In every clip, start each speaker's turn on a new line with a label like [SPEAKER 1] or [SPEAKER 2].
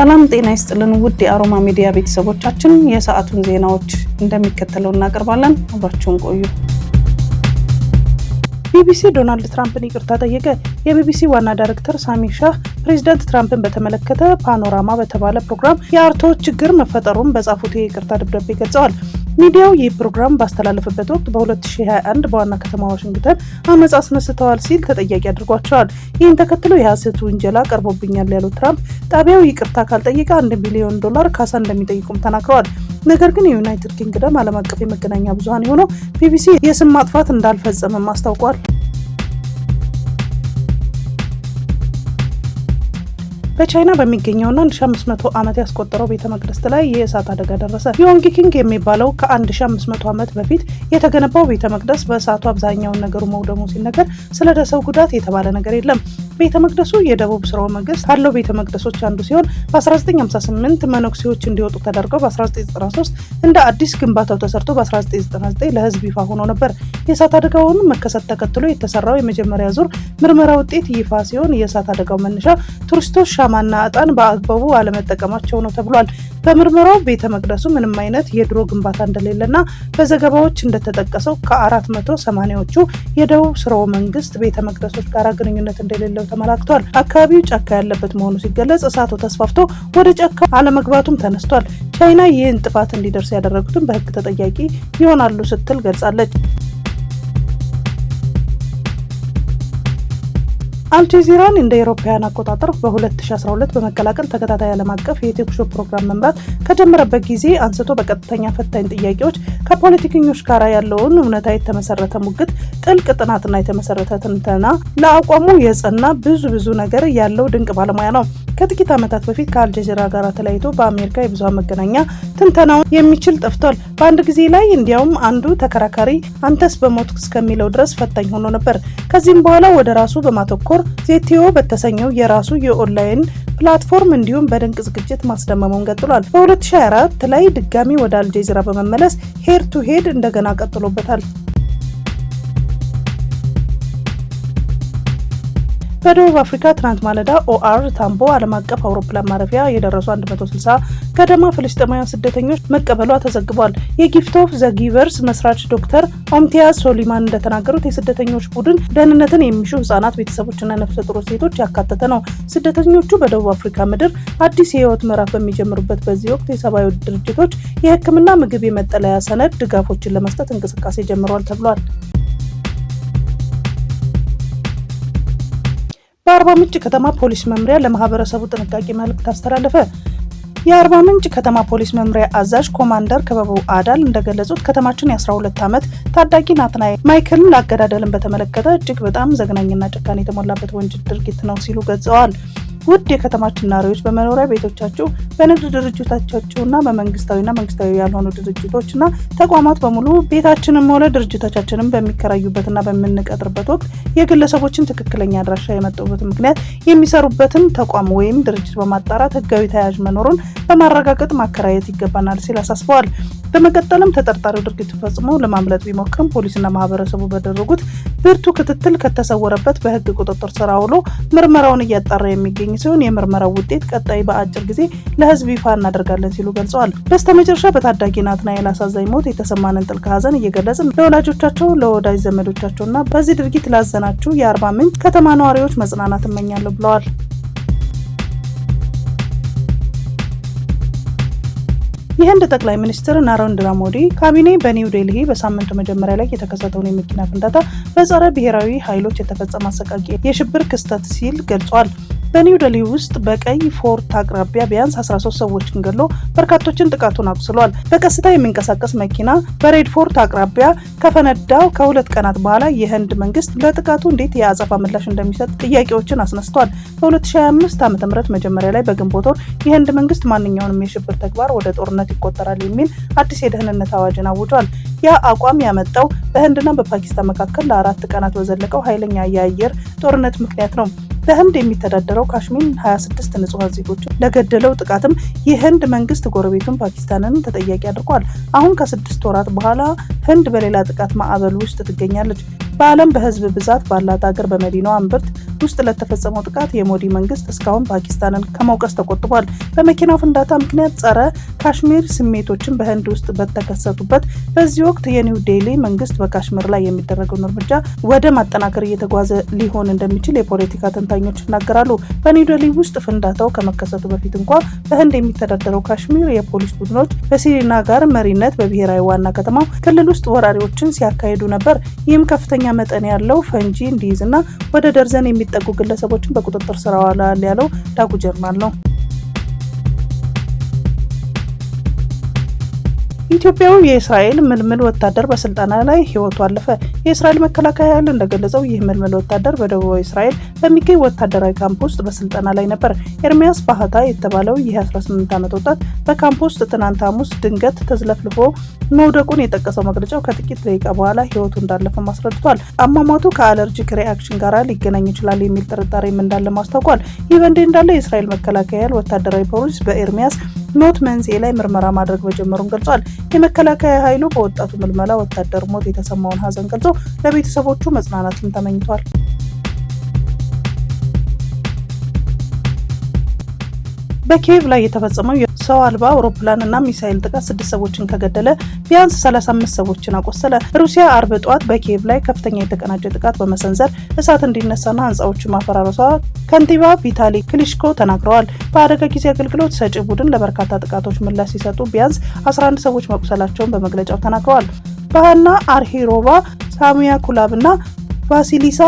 [SPEAKER 1] ሰላም ጤና ይስጥልን ውድ የአሮማ ሚዲያ ቤተሰቦቻችን፣ የሰዓቱን ዜናዎች እንደሚከተለው እናቀርባለን። አብራችሁን ቆዩ። ቢቢሲ ዶናልድ ትራምፕን ይቅርታ ጠየቀ። የቢቢሲ ዋና ዳይሬክተር ሳሚ ሻህ ፕሬዚዳንት ትራምፕን በተመለከተ ፓኖራማ በተባለ ፕሮግራም የአርቶ ችግር መፈጠሩን በጻፉት የይቅርታ ደብዳቤ ገልጸዋል። ሚዲያው ይህ ፕሮግራም ባስተላለፈበት ወቅት በ2021 በዋና ከተማ ዋሽንግተን አመፅ አስነስተዋል ሲል ተጠያቂ አድርጓቸዋል። ይህን ተከትሎ የሐሰት ውንጀላ ቀርቦብኛል ያሉት ትራምፕ ጣቢያው ይቅርታ ካልጠየቀ አንድ ቢሊዮን ዶላር ካሳ እንደሚጠይቁም ተናግረዋል። ነገር ግን የዩናይትድ ኪንግደም ዓለም አቀፍ የመገናኛ ብዙሀን የሆነው ቢቢሲ የስም ማጥፋት እንዳልፈጸመም አስታውቋል። በቻይና በሚገኘውና 1500 ዓመት ያስቆጠረው ቤተ መቅደስ ላይ የእሳት አደጋ ደረሰ። ዮንግ ኪንግ የሚባለው ከ1500 ዓመት በፊት የተገነባው ቤተ መቅደስ በእሳቱ አብዛኛውን ነገሩ መውደሙ ሲነገር ስለደረሰው ጉዳት የተባለ ነገር የለም። ቤተ መቅደሱ የደቡብ ስርወ መንግስት ካለው ቤተ መቅደሶች አንዱ ሲሆን በ1958 መነኩሴዎች እንዲወጡ ተደርገው በ1993 እንደ አዲስ ግንባታው ተሰርቶ በ1999 ለህዝብ ይፋ ሆኖ ነበር። የእሳት አደጋውን መከሰት ተከትሎ የተሰራው የመጀመሪያ ዙር ምርመራ ውጤት ይፋ ሲሆን የእሳት አደጋው መነሻ ቱሪስቶች ሻማና እጣን በአግባቡ አለመጠቀማቸው ነው ተብሏል። በምርመራው ቤተ መቅደሱ ምንም አይነት የድሮ ግንባታ እንደሌለና በዘገባዎች እንደተጠቀሰው ከአራት መቶ ሰማኒያዎቹ የደቡብ ስርወ መንግስት ቤተ መቅደሶች ጋር ግንኙነት እንደሌለው ተመላክቷል። አካባቢው ጫካ ያለበት መሆኑ ሲገለጽ እሳቱ ተስፋፍቶ ወደ ጫካ አለመግባቱም ተነስቷል። ቻይና ይህን ጥፋት እንዲደርስ ያደረጉትን በህግ ተጠያቂ ይሆናሉ ስትል ገልጻለች። አልጀዚራን እንደ አውሮፓውያን አቆጣጠር በ2012 በመቀላቀል ተከታታይ ዓለም አቀፍ የቴክ ሾው ፕሮግራም መምራት ከጀመረበት ጊዜ አንስቶ በቀጥተኛ ፈታኝ ጥያቄዎች ከፖለቲከኞች ጋር ያለውን እውነታ የተመሰረተ ሙግት፣ ጥልቅ ጥናትና የተመሰረተ ትንተና፣ ለአቋሙ የጸና ብዙ ብዙ ነገር ያለው ድንቅ ባለሙያ ነው። ከጥቂት ዓመታት በፊት ከአልጀዚራ ጋር ተለያይቶ በአሜሪካ የብዙሃን መገናኛ ትንተናውን የሚችል ጠፍቷል። በአንድ ጊዜ ላይ እንዲያውም አንዱ ተከራካሪ አንተስ በሞት እስከሚለው ድረስ ፈታኝ ሆኖ ነበር። ከዚህም በኋላ ወደ ራሱ በማተኮር በመጀመር ዜቲዮ በተሰኘው የራሱ የኦንላይን ፕላትፎርም እንዲሁም በድንቅ ዝግጅት ማስደመሙን ቀጥሏል። በ2024 ላይ ድጋሚ ወደ አልጀዚራ በመመለስ ሄድ ቱ ሄድ እንደገና ቀጥሎበታል። በደቡብ አፍሪካ ትናንት ማለዳ ኦአር ታምቦ ዓለም አቀፍ አውሮፕላን ማረፊያ የደረሱ 160 ገደማ ፍልስጤማውያን ስደተኞች መቀበሏ ተዘግቧል። የጊፍት ኦፍ ዘ ጊቨርስ መስራች ዶክተር ኦምቲያ ሶሊማን እንደተናገሩት የስደተኞች ቡድን ደህንነትን የሚሹ ህጻናት፣ ቤተሰቦችና ነፍሰ ጡር ሴቶች ያካተተ ነው። ስደተኞቹ በደቡብ አፍሪካ ምድር አዲስ የህይወት ምዕራፍ በሚጀምሩበት በዚህ ወቅት የሰብአዊ ድርጅቶች የህክምና፣ ምግብ፣ የመጠለያ ሰነድ ድጋፎችን ለመስጠት እንቅስቃሴ ጀምሯል ተብሏል። የአርባ ምንጭ ከተማ ፖሊስ መምሪያ ለማህበረሰቡ ጥንቃቄ መልእክት አስተላለፈ። የአርባ ምንጭ ከተማ ፖሊስ መምሪያ አዛዥ ኮማንደር ክበበው አዳል እንደገለጹት ከተማችን የ12 ዓመት ታዳጊ ናትናኤል ማይክልን አገዳደልን በተመለከተ እጅግ በጣም ዘግናኝና ጭካኔ የተሞላበት ወንጀል ድርጊት ነው ሲሉ ገልጸዋል። ውድ የከተማችን ነዋሪዎች በመኖሪያ ቤቶቻችሁ፣ በንግድ ድርጅቶቻችሁና በመንግስታዊና መንግስታዊ ያልሆኑ ድርጅቶችና ተቋማት በሙሉ ቤታችንም ሆነ ድርጅቶቻችንን በሚከራዩበትና በምንቀጥርበት ወቅት የግለሰቦችን ትክክለኛ አድራሻ የመጡበት ምክንያት የሚሰሩበትን ተቋም ወይም ድርጅት በማጣራት ህጋዊ ተያያዥ መኖሩን በማረጋገጥ ማከራየት ይገባናል ሲል አሳስበዋል። በመቀጠልም ተጠርጣሪው ድርጊቱ ፈጽሞ ለማምለጥ ቢሞክርም ፖሊስና ማህበረሰቡ በደረጉት ብርቱ ክትትል ከተሰወረበት በህግ ቁጥጥር ስር አውሎ ምርመራውን እያጣራ የሚገኝ የሚገኝ ሲሆን የምርመራው ውጤት ቀጣይ በአጭር ጊዜ ለህዝብ ይፋ እናደርጋለን ሲሉ ገልጸዋል። በስተመጨረሻ በታዳጊ ናትናኤል አሳዛኝ ሞት የተሰማንን ጥልቅ ሀዘን እየገለጽን ለወላጆቻቸው፣ ለወዳጅ ዘመዶቻቸውና በዚህ ድርጊት ላዘናችሁ የአርባ ምንጭ ከተማ ነዋሪዎች መጽናናት እመኛለሁ ብለዋል። የህንድ ጠቅላይ ሚኒስትር ናረንድራ ሞዲ ካቢኔ በኒው ዴልሂ በሳምንቱ መጀመሪያ ላይ የተከሰተውን የመኪና ፍንዳታ በጸረ ብሔራዊ ኃይሎች የተፈጸመ አሰቃቂ የሽብር ክስተት ሲል ገልጿል። በኒው ደሊ ውስጥ በቀይ ፎርት አቅራቢያ ቢያንስ 13 ሰዎችን ገሎ በርካቶችን ጥቃቱን አቁስሏል። በቀስታ የሚንቀሳቀስ መኪና በሬድ ፎርት አቅራቢያ ከፈነዳው ከሁለት ቀናት በኋላ የህንድ መንግስት ለጥቃቱ እንዴት የአጸፋ ምላሽ እንደሚሰጥ ጥያቄዎችን አስነስቷል። በ2025 ዓ ም መጀመሪያ ላይ በግንቦት ወር የህንድ መንግስት ማንኛውንም የሽብር ተግባር ወደ ጦርነት ይቆጠራል የሚል አዲስ የደህንነት አዋጅን አውጇል። ያ አቋም ያመጣው በህንድና በፓኪስታን መካከል ለአራት ቀናት በዘለቀው ኃይለኛ የአየር ጦርነት ምክንያት ነው። በህንድ የሚተዳደረው በተፈጠረው ካሽሚር 26 ንጹሐን ዜጎችን ለገደለው ጥቃትም የህንድ መንግስት ጎረቤቱን ፓኪስታንን ተጠያቂ አድርጓል። አሁን ከስድስት ወራት በኋላ ህንድ በሌላ ጥቃት ማዕበል ውስጥ ትገኛለች። በዓለም በህዝብ ብዛት ባላት ሀገር በመዲናዋ እምብርት ውስጥ ለተፈጸመው ጥቃት የሞዲ መንግስት እስካሁን ፓኪስታንን ከመውቀስ ተቆጥቧል። በመኪናው ፍንዳታ ምክንያት ጸረ ካሽሚር ስሜቶችን በህንድ ውስጥ በተከሰቱበት በዚህ ወቅት የኒው ዴሊ መንግስት በካሽሚር ላይ የሚደረገውን እርምጃ ወደ ማጠናከር እየተጓዘ ሊሆን እንደሚችል የፖለቲካ ተንታኞች ይናገራሉ። በኒው ዴሊ ውስጥ ፍንዳታው ከመከሰቱ በፊት እንኳ በህንድ የሚተዳደረው ካሽሚር የፖሊስ ቡድኖች በሲሪናጋር መሪነት በብሔራዊ ዋና ከተማው ክልል ውስጥ ወራሪዎችን ሲያካሂዱ ነበር። ይህም ከፍተኛ መጠን ያለው ፈንጂ እንዲይዝና ወደ ደርዘን የሚ የሚጠጉ ግለሰቦችን በቁጥጥር ስር አውለዋል ያለው ዳጉ ጀርናል ነው። ኢትዮጵያዊ የእስራኤል ምልምል ወታደር በስልጠና ላይ ህይወቱ አለፈ። የእስራኤል መከላከያ ኃይል እንደገለጸው ይህ ምልምል ወታደር በደቡባዊ እስራኤል በሚገኝ ወታደራዊ ካምፕ ውስጥ በስልጠና ላይ ነበር። ኤርሚያስ ባህታ የተባለው ይህ 18 ዓመት ወጣት በካምፕ ውስጥ ትናንት ሐሙስ ድንገት ተዝለፍልፎ መውደቁን የጠቀሰው መግለጫው ከጥቂት ደቂቃ በኋላ ህይወቱ እንዳለፈም አስረድቷል። አሟሟቱ ከአለርጂክ ሪአክሽን ጋር ሊገናኝ ይችላል የሚል ጥርጣሬም እንዳለ ማስታውቋል። ይህ በእንዲህ እንዳለ የእስራኤል መከላከያ ኃይል ወታደራዊ ፖሊስ በኤርሚያስ ሞት መንስኤ ላይ ምርመራ ማድረግ መጀመሩን ገልጿል። የመከላከያ ኃይሉ በወጣቱ ምልመላ ወታደር ሞት የተሰማውን ሀዘን ገልጾ ለቤተሰቦቹ መጽናናትም ተመኝቷል። በኪየቭ ላይ የተፈጸመው ሰው አልባ አውሮፕላንና ሚሳይል ጥቃት ስድስት ሰዎችን ከገደለ ቢያንስ 35 ሰዎችን አቆሰለ። ሩሲያ አርብ ጠዋት በኪየቭ ላይ ከፍተኛ የተቀናጀ ጥቃት በመሰንዘር እሳት እንዲነሳና ህንፃዎችን ማፈራረሷ ከንቲባ ቪታሊ ክሊሽኮ ተናግረዋል። በአደጋ ጊዜ አገልግሎት ሰጪ ቡድን ለበርካታ ጥቃቶች ምላሽ ሲሰጡ ቢያንስ 11 ሰዎች መቁሰላቸውን በመግለጫው ተናግረዋል። ባህና አርሂሮቫ፣ ሳሚያ ኩላብ እና ቫሲሊሳ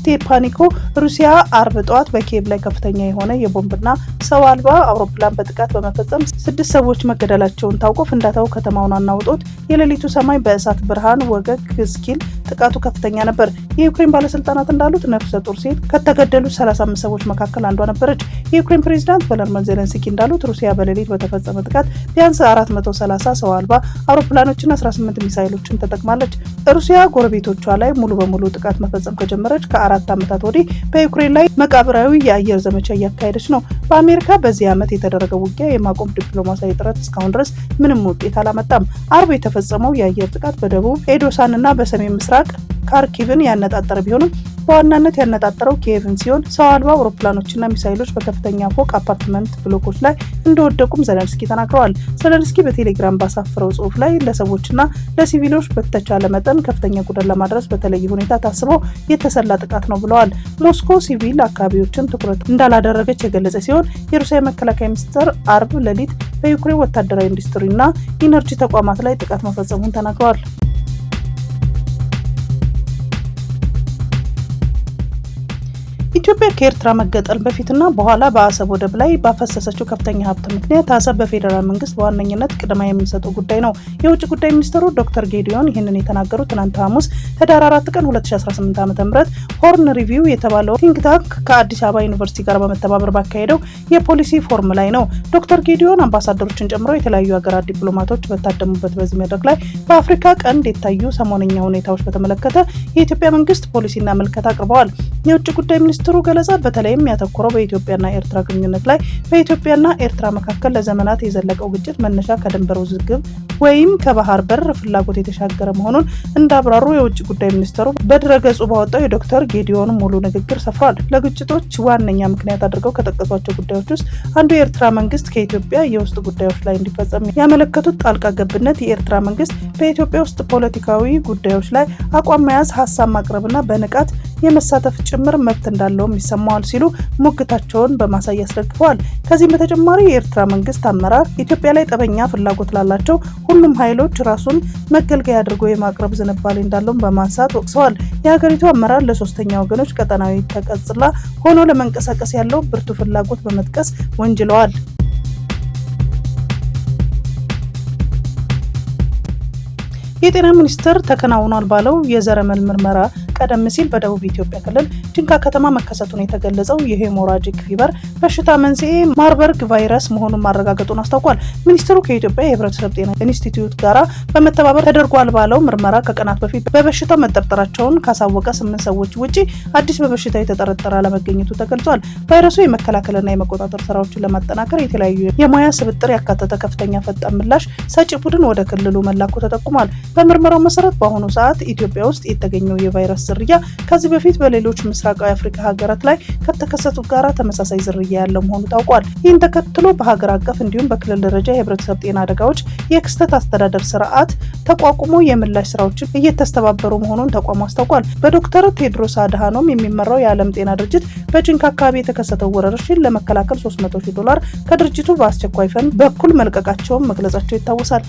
[SPEAKER 1] ስቴፓኒኮ ሩሲያ አርብ ጠዋት በኪየቭ ላይ ከፍተኛ የሆነ የቦምብና ሰው አልባ አውሮፕላን በጥቃት በመፈጸም ስድስት ሰዎች መገደላቸውን ታውቆ ፍንዳታው ከተማውን አናውጦት የሌሊቱ ሰማይ በእሳት ብርሃን ወገግ እስኪል ጥቃቱ ከፍተኛ ነበር። የዩክሬን ባለስልጣናት እንዳሉት ነፍሰ ጡር ሴት ከተገደሉ 35 ሰዎች መካከል አንዷ ነበረች። የዩክሬን ፕሬዚዳንት ቮሎድሚር ዜሌንስኪ እንዳሉት ሩሲያ በሌሊት በተፈጸመ ጥቃት ቢያንስ 430 ሰው አልባ አውሮፕላኖችና 18 ሚሳይሎችን ተጠቅማለች። ሩሲያ ጎረቤቶቿ ላይ ሙሉ በሙሉ ጥቃት መፈጸም ከጀመረች ከአራት ዓመታት ወዲህ በዩክሬን ላይ መቃብራዊ የአየር ዘመቻ እያካሄደች ነው። በአሜሪካ በዚህ ዓመት የተደረገው ውጊያ የማቆም ዲፕሎማሲያዊ ጥረት እስካሁን ድረስ ምንም ውጤት አላመጣም። አርብ የተፈጸመው የአየር ጥቃት በደቡብ ኤዶሳንና በሰሜን ምስራቅ ካርኪቭን ያነጣጠረ ቢሆንም በዋናነት ያነጣጠረው ኪየቭን ሲሆን ሰው አልባ አውሮፕላኖችና ሚሳይሎች በከፍተኛ ፎቅ አፓርትመንት ብሎኮች ላይ እንደወደቁም ዘለንስኪ ተናግረዋል። ዘለንስኪ በቴሌግራም ባሳፈረው ጽሁፍ ላይ ለሰዎችና ለሲቪሎች በተቻለ መጠን ከፍተኛ ጉዳት ለማድረስ በተለየ ሁኔታ ታስበው የተሰላ ጥቃት ነው ብለዋል። ሞስኮ ሲቪል አካባቢዎችን ትኩረት እንዳላደረገች የገለጸ ሲሆን የሩሲያ መከላከያ ሚኒስቴር አርብ ሌሊት በዩክሬን ወታደራዊ ኢንዱስትሪና ኢነርጂ ተቋማት ላይ ጥቃት መፈጸሙን ተናግረዋል። ኢትዮጵያ ከኤርትራ መገጠል በፊትና በኋላ በአሰብ ወደብ ላይ ባፈሰሰችው ከፍተኛ ሀብት ምክንያት አሰብ በፌዴራል መንግስት በዋነኝነት ቅድማ የሚሰጠው ጉዳይ ነው። የውጭ ጉዳይ ሚኒስትሩ ዶክተር ጌዲዮን ይህንን የተናገሩት ትናንት ሐሙስ ህዳር 4 ቀን 2018 ዓ ም ሆርን ሪቪው የተባለው ቲንክ ታንክ ከአዲስ አበባ ዩኒቨርሲቲ ጋር በመተባበር ባካሄደው የፖሊሲ ፎርም ላይ ነው። ዶክተር ጌዲዮን አምባሳደሮችን ጨምሮ የተለያዩ ሀገራት ዲፕሎማቶች በታደሙበት በዚህ መድረክ ላይ በአፍሪካ ቀንድ የታዩ ሰሞነኛ ሁኔታዎች በተመለከተ የኢትዮጵያ መንግስት ፖሊሲና መልከት አቅርበዋል። የውጭ ጉዳይ ሚኒስ ሚኒስትሩ ገለጻ በተለይም ያተኮረው በኢትዮጵያና ኤርትራ ግንኙነት ላይ በኢትዮጵያና ኤርትራ መካከል ለዘመናት የዘለቀው ግጭት መነሻ ከድንበር ውዝግብ ወይም ከባህር በር ፍላጎት የተሻገረ መሆኑን እንዳብራሩ የውጭ ጉዳይ ሚኒስትሩ በድረገጹ ባወጣው የዶክተር ጌዲዮን ሙሉ ንግግር ሰፍሯል። ለግጭቶች ዋነኛ ምክንያት አድርገው ከጠቀሷቸው ጉዳዮች ውስጥ አንዱ የኤርትራ መንግስት ከኢትዮጵያ የውስጥ ጉዳዮች ላይ እንዲፈጸም ያመለከቱት ጣልቃ ገብነት፣ የኤርትራ መንግስት በኢትዮጵያ ውስጥ ፖለቲካዊ ጉዳዮች ላይ አቋም መያዝ፣ ሀሳብ ማቅረብና በንቃት የመሳተፍ ጭምር መብት እንዳለውም ይሰማዋል ሲሉ ሙግታቸውን በማሳይ አስደግፈዋል። ከዚህም በተጨማሪ የኤርትራ መንግስት አመራር ኢትዮጵያ ላይ ጠበኛ ፍላጎት ላላቸው ሁሉም ኃይሎች ራሱን መገልገያ አድርጎ የማቅረብ ዝንባሌ እንዳለውም በማንሳት ወቅሰዋል። የሀገሪቱ አመራር ለሶስተኛ ወገኖች ቀጠናዊ ተቀጽላ ሆኖ ለመንቀሳቀስ ያለው ብርቱ ፍላጎት በመጥቀስ ወንጅለዋል። የጤና ሚኒስቴር ተከናውኗል ባለው የዘረመል ምርመራ ቀደም ሲል በደቡብ ኢትዮጵያ ክልል ጂንካ ከተማ መከሰቱን የተገለጸው የሄሞራጂክ ፊበር በሽታ መንስኤ ማርበርግ ቫይረስ መሆኑን ማረጋገጡን አስታውቋል። ሚኒስትሩ ከኢትዮጵያ የህብረተሰብ ጤና ኢንስቲትዩት ጋራ በመተባበር ተደርጓል ባለው ምርመራ ከቀናት በፊት በበሽታው መጠርጠራቸውን ካሳወቀ ስምንት ሰዎች ውጪ አዲስ በበሽታ የተጠረጠረ አለመገኘቱ ተገልጿል። ቫይረሱ የመከላከልና የመቆጣጠር ስራዎችን ለማጠናከር የተለያዩ የሙያ ስብጥር ያካተተ ከፍተኛ ፈጣን ምላሽ ሰጪ ቡድን ወደ ክልሉ መላኩ ተጠቁሟል። በምርመራው መሰረት በአሁኑ ሰዓት ኢትዮጵያ ውስጥ የተገኘው የቫይረስ ዝርያ ከዚህ በፊት በሌሎች ምስራቃዊ አፍሪካ ሀገራት ላይ ከተከሰቱት ጋራ ተመሳሳይ ዝርያ ያለው መሆኑ ታውቋል። ይህን ተከትሎ በሀገር አቀፍ እንዲሁም በክልል ደረጃ የህብረተሰብ ጤና አደጋዎች የክስተት አስተዳደር ስርዓት ተቋቁሞ የምላሽ ስራዎችን እየተስተባበሩ መሆኑን ተቋሙ አስታውቋል። በዶክተር ቴድሮስ አድሃኖም የሚመራው የዓለም ጤና ድርጅት በጭንካ አካባቢ የተከሰተው ወረርሽኝ ለመከላከል 300 ሺህ ዶላር ከድርጅቱ በአስቸኳይ ፈንድ በኩል መልቀቃቸውን መግለጻቸው ይታወሳል።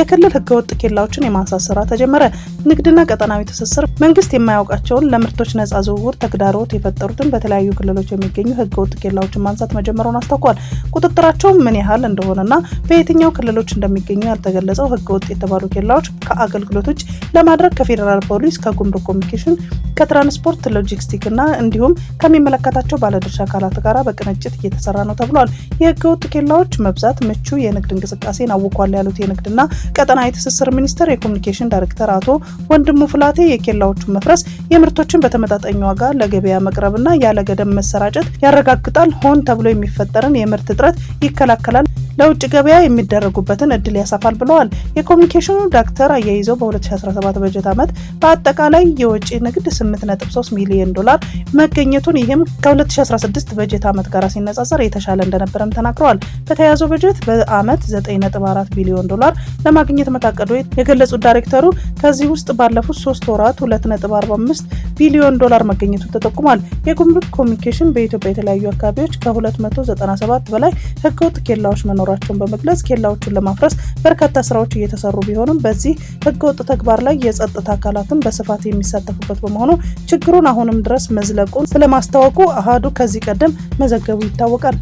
[SPEAKER 1] የክልል ህገወጥ ኬላዎችን የማንሳት ስራ ተጀመረ። ንግድና ቀጠናዊ ትስስር መንግስት የማያውቃቸውን ለምርቶች ነጻ ዝውውር ተግዳሮት የፈጠሩትን በተለያዩ ክልሎች የሚገኙ ህገወጥ ኬላዎችን ማንሳት መጀመሩን አስታውቋል። ቁጥጥራቸው ምን ያህል እንደሆነና በየትኛው ክልሎች እንደሚገኙ ያልተገለጸው ህገወጥ የተባሉ ኬላዎች ከአገልግሎት ውጭ ለማድረግ ከፌዴራል ፖሊስ፣ ከጉምሩክ ኮሚኒኬሽን፣ ከትራንስፖርት ሎጂስቲክ እና እንዲሁም ከሚመለከታቸው ባለድርሻ አካላት ጋር በቅንጅት እየተሰራ ነው ተብሏል። የህገወጥ ኬላዎች መብዛት ምቹ የንግድ እንቅስቃሴን አውኳል ያሉት የንግድና ቀጠናዊ ትስስር ሚኒስቴር የኮሚኒኬሽን ዳይሬክተር አቶ ወንድሙ ፍላቴ የኬላዎቹን መፍረስ የምርቶችን በተመጣጣኝ ዋጋ ለገበያ መቅረብና ያለገደብ መሰራጨት ያረጋግጣል። ሆን ተብሎ የሚፈጠርን የምርት እጥረት ይከላከላል። ለውጭ ገበያ የሚደረጉበትን እድል ያሰፋል ብለዋል። የኮሚኒኬሽኑ ዳይሬክተር አያይዘው በ2017 በጀት ዓመት በአጠቃላይ የውጭ ንግድ 8.3 ሚሊዮን ዶላር መገኘቱን ይህም ከ2016 በጀት ዓመት ጋር ሲነጻጸር የተሻለ እንደነበረም ተናግረዋል። በተያያዘው በጀት በዓመት 9.4 ቢሊዮን ዶላር ለማግኘት መታቀዱ የገለጹት ዳይሬክተሩ ከዚህ ውስጥ ባለፉት ሶስት ወራት 2.45 ቢሊዮን ዶላር መገኘቱን ተጠቁሟል። የጉምሩክ ኮሚኒኬሽን በኢትዮጵያ የተለያዩ አካባቢዎች ከ297 በላይ ህገወጥ ኬላዎች መኖር መኖራቸውን በመግለጽ ኬላዎቹን ለማፍረስ በርካታ ስራዎች እየተሰሩ ቢሆንም በዚህ ህገወጥ ተግባር ላይ የጸጥታ አካላትን በስፋት የሚሳተፉበት በመሆኑ ችግሩን አሁንም ድረስ መዝለቁን ስለማስታወቁ አሃዱ ከዚህ ቀደም መዘገቡ ይታወቃል።